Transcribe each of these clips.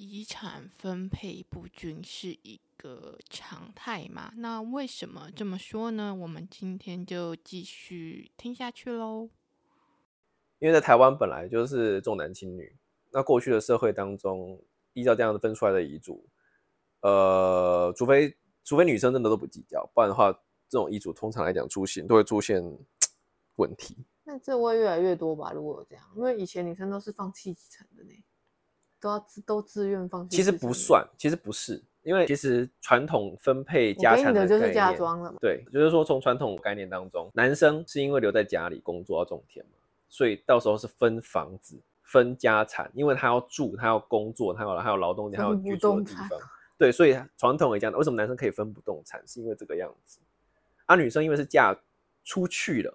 遺產分配不均是一個常態嘛，那為什麼這麼說呢？我們今天就繼續聽下去嘍。因為在台灣本來就是重男輕女，那過去的社會當中，依照這樣子分出來的遺囑，呃，除非除非女生真的都不計較，不然的話，這種遺囑通常來講出現都會出現問題。那這會越來越多吧？如果有這樣，因為以前女生都是放棄繼承的呢。都要自都自願放棄，其實不算，其實不是，因為其實傳統分配家產的，的就是嫁妝了嘛。對，就是說從傳統概念當中，男生是因為留在家裡工作要種田嘛，所以到時候是分房子、分家產，因為他要住，他要工作，他要他要勞動，他要居住的地方。對，所以傳統也講，為什麼男生可以分不動產，是因為這個樣子。啊，女生因為是嫁出去了，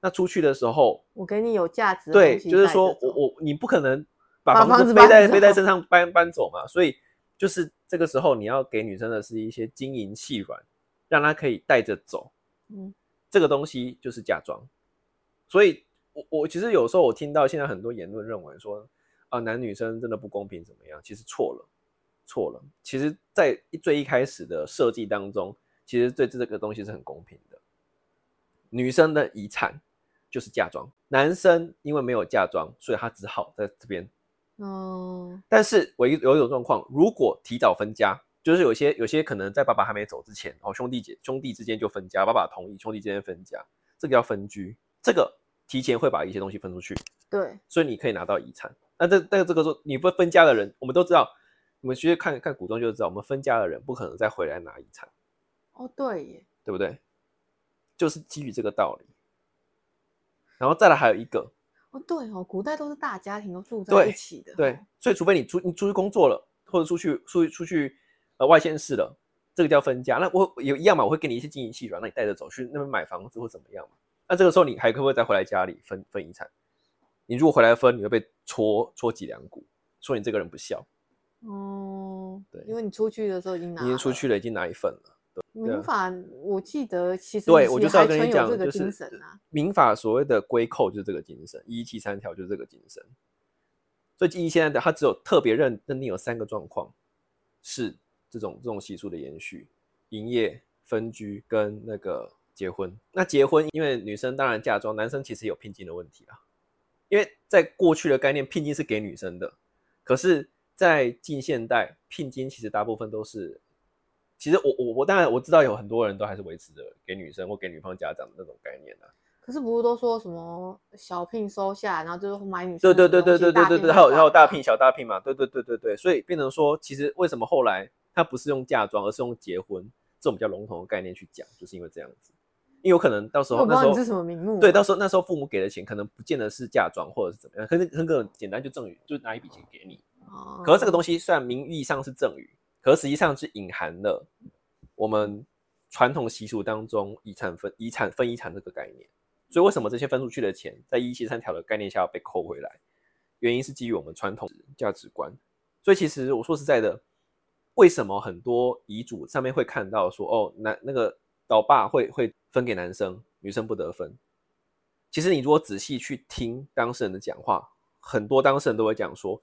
那出去的時候，我給你有價值，對，就是說我我你不可能。把房子背在背在身上搬搬走嘛，所以就是這個時候你要給女生的是一些金銀細軟，讓她可以帶着走。嗯，這個東西就是嫁妝。所以我，我我其實有時候我聽到現在很多言論認為說啊，男女生真的不公平怎麼樣？其實錯了，錯了。其實，在最一開始的設計當中，其實對這個東西是很公平的。女生的遺產就是嫁妝，男生因為沒有嫁妝，所以他只好在這邊。哦、嗯，但是我有有一種狀況，如果提早分家，就是有些有些可能在爸爸還沒走之前，然後兄弟姐兄弟之間就分家，爸爸同意兄弟之間分家，這個要分居，這個提前會把一些東西分出去。對，所以你可以拿到遺產。那這但是這個時候你不分家的人，我們都知道，我們其實看看古裝就知道，我們分家的人不可能再回來拿遺產。哦，對耶，對不對？就是基於這個道理，然後再來還有一個。不對哦，古代都是大家庭都住在一起的，對，對，所以除非你出你出去工作了，或者出去出去出去呃外縣市了，這個叫分家。那我，我有一樣嘛，我會給你一些金銀細軟，那你帶着走去那邊買房子或怎麼樣嘛。那這個時候你還可不可以再回來家裡分分，分遺產？你如果回來分，你會被戳戳脊梁骨，說你這個人不孝。哦，對，因為你出去的時候已經拿已經出去了，已經拿一份了。民法我記得其實，其實這個精神、啊、對我就是要跟你講，就是民法所謂的歸扣就是這個精神，一一七三條就是這個精神。所以，一七現在的他只有特別認，認定有三個狀況是這種這種習俗的延續，營業、分居跟那個結婚。那結婚，因為女生當然嫁妝，男生其實有聘金的問題啊。因為在過去的概念，聘金是給女生的，可是，在近現代，聘金其實大部分都是。其實我我我當然我知道有很多人都還是維持着給女生或給女方家長的那種概念呢、啊。可是不是都說什麼小聘收下來，然後就是買女生對，對對對對對對對對，然後然後大聘小大聘嘛，對對對對對。所以變成說，其實為什麼後來它不是用嫁妝，而是用結婚這種比較籠統的概念去講，就是因為這樣子。因為有可能到時候那時候不知道你是什麼名目、啊？對，到時候那時候父母給的錢可能不見得是嫁妝，或者是怎麼樣，可是很可能簡單就贈予，就拿一筆錢給你。哦。哦。哦。可是這個東西雖然名義上是贈予。可實際上是隱含了我們傳統習俗當中遺產分遺產分遺產這個概念，所以為什麼這些分出去的錢在一一七三條的概念下要被扣回來？原因是基於我們傳統價值觀。所以其實我說實在的，為什麼很多遺囑上面會看到說哦男那,那個老爸會會分給男生，女生不得分？其實你如果仔細去聽當事人的講話，很多當事人都會講說。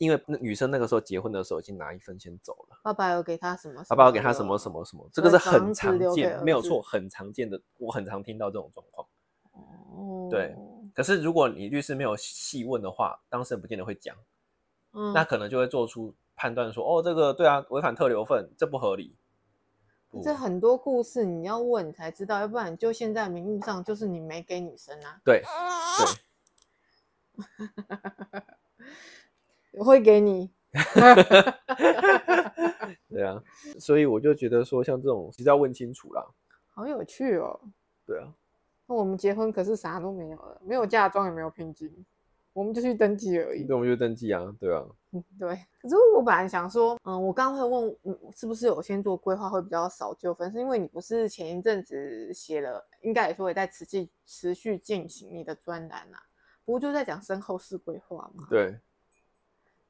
因為女生那個時候結婚的時候已經拿一分錢走了。爸爸要給她什麼？爸爸要給她什麼什麼什麼，爸爸什麼，什麼，什麼？這個是很常見，沒有錯，很常見的，我很常聽到這種狀況。嗯。對。可是如果你律師沒有細問的話，當事人不見得會講。嗯。那可能就會做出判斷說，嗯，哦，這個對啊，違反特留份，這不合理。這很多故事你要問才知道，嗯，要不然就現在名義上就是你沒給女生啊。對。對。 我會給你 對啊，所以我就覺得說，像這種其實要問清楚啦。好有趣哦、喔。對啊，那我們結婚可是啥都沒有了，沒有嫁妝，也沒有聘金，我們就去登記而已。對，我們就登記啊，對啊。嗯、對。可是我本來想說，嗯，我剛剛會問，嗯，是不是有先做規劃會比較少糾紛？是因為你不是前一陣子寫了，應該也說也在持續持續進行你的專欄啊。不過就在講身後事規劃嘛。對。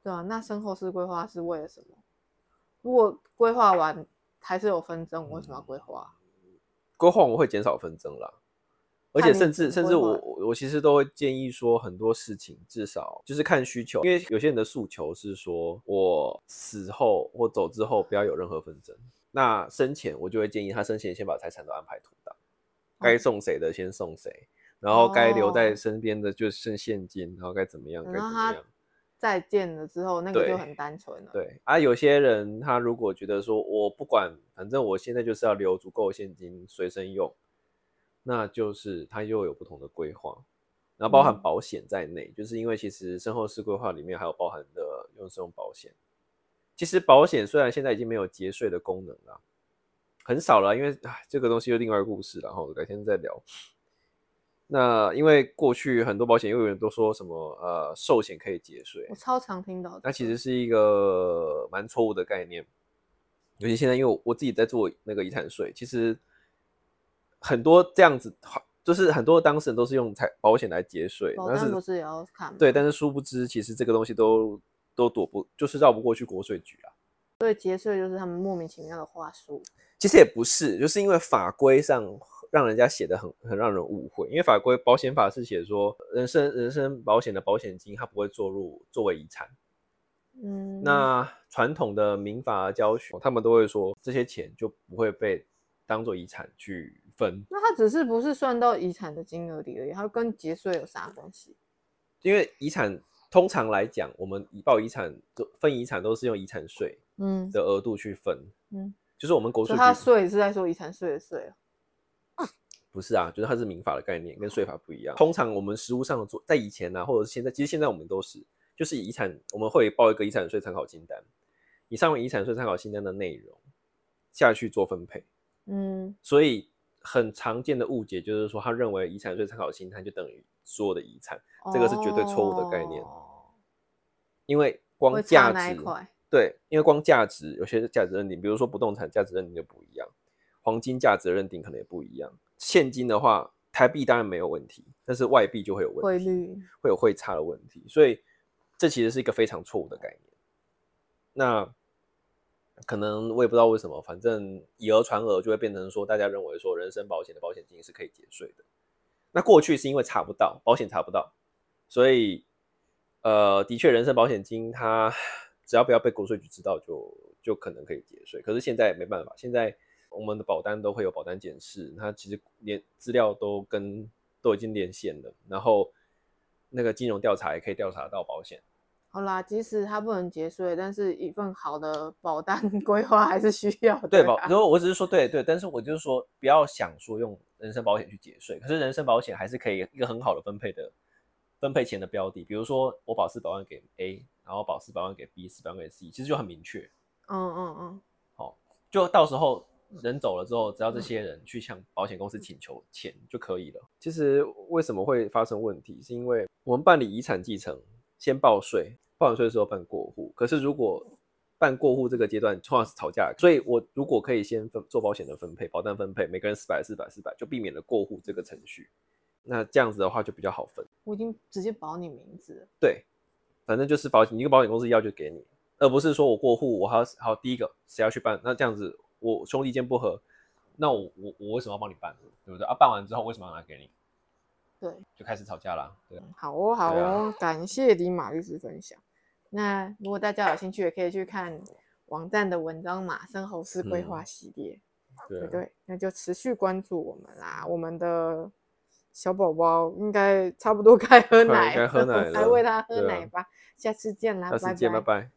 對啊，那身後事規劃是為了什麼？如果規劃完還是有紛爭，我為什麼要規劃，嗯？規劃我會減少紛爭啦。而且甚至甚至我我其實都會建議說很多事情至少就是看需求，因為有些人的訴求是說我死後或走之後不要有任何紛爭，那生前我就會建議他生前先把財產都安排妥當，哦，該送誰的先送誰，然後該留在身邊的就剩現金，哦，然後該怎麼樣該怎麼樣。再見了之後，那個就很單純了。對，對啊，有些人他如果覺得說我不管，反正我現在就是要留足夠現金隨身用，那就是他又有不同的規劃，然後包含保險在內，嗯、就是因為其實身後事規劃裡面還有包含的用這種保險。其實保險雖然現在已經沒有節稅的功能了，很少了，因為這個東西又另外一個故事了，然後我改天再聊。那因為過去很多保險業務員都說什麼呃壽險可以節稅，我超常聽到。那其實是一個蠻錯誤的概念，尤其現在，因為我，我自己在做那個遺產稅，其實很多這樣子，就是很多當事人都是用財保險來節稅，但是不是也要看嗎？對，但是殊不知，其實這個東西都都躲不，就是繞不過去國稅局啊。所以節稅就是他們莫名其妙的話術。其實也不是，就是因為法規上。讓人家寫得很很讓人誤會，因為法規保險法是寫說，人身人身保險的保險金它不會作入作為遺產。嗯，那傳統的民法教學，他們都會說這些錢就不會被當做遺產去分。那它只是不是算到遺產的金額裡而已，它跟節稅有啥關係？因為遺產通常來講，我們以報遺產分遺產都是用遺產稅嗯的額度去分，嗯，嗯就是我們國、嗯、稅它稅是在說遺產稅的稅不是啊，就是它是民法的概念，跟稅法不一樣。通常我們實務上的做，在以前呢、啊，或者是現在，其實現在我們都是，就是遺產我們會報一個遺產稅參考清單，以上面遺產稅參考清單的內容下去做分配。嗯，所以很常見的誤解就是說，他認為遺產稅參考清單就等於所有的遺產，哦，這個是絕對錯誤的概念。因為光價值，對，因為光價值有些價值認定，比如說不動產價值認定就不一樣，黃金價值認定可能也不一樣。現金的話，台幣當然沒有問題，但是外幣就會有問題，會有匯差的問題，所以這其實是一個非常錯誤的概念。那可能我也不知道為什麼，反正以訛傳訛就會變成說大家認為說人身保險的保險金是可以節稅的。那過去是因為查不到保險查不到，所以呃，的確人身保險金它只要不要被國稅局知道就，就就可能可以節稅。可是現在也沒辦法，現在。我們的保單都會有保單檢視，它其實連資料都跟都已經連線了，然後那個金融調查也可以調查到保險。好啦，即使它不能節稅，但是一份好的保單規劃還是需要的。對保、啊，如果我只是說對對，但是我就是說不要想說用人身保險去節稅，可是人身保險還是可以一個很好的分配的分配錢的標的，比如說我保四百萬給 A，然後保四百萬給 B，四百萬給 C，其實就很明確。嗯嗯嗯，好，就到時候。人走了之後，只要這些人去向保險公司請求錢就可以了、嗯嗯。其實為什麼會發生問題，是因為我們辦理遺產繼承，先報稅，報完稅之後辦過戶。可是如果辦過戶這個階段，通常是吵架。所以我如果可以先分做保險的分配，保單分配，每個人四百四百四百，就避免了過戶這個程序。那這樣子的話就比較好分。我已經直接保你名字。對，反正就是保你一個保險公司要就給你，而不是說我過戶，我還要第一個誰要去辦？那這樣子。我兄弟間不合，那我我我為什麼要幫你辦？對不對啊？辦完之後為什麼要拿給你？對，就開始吵架了、啊對。好哦，好哦，啊、感謝李馬律師分享。那如果大家有興趣，也可以去看網站的文章嘛，《身後事規劃系列》嗯。對、啊、對，那就持續關注我們啦。我們的小寶寶應該差不多該喝奶，該喝奶了，該餵他喝奶吧、啊下。下次見啦，拜拜拜拜。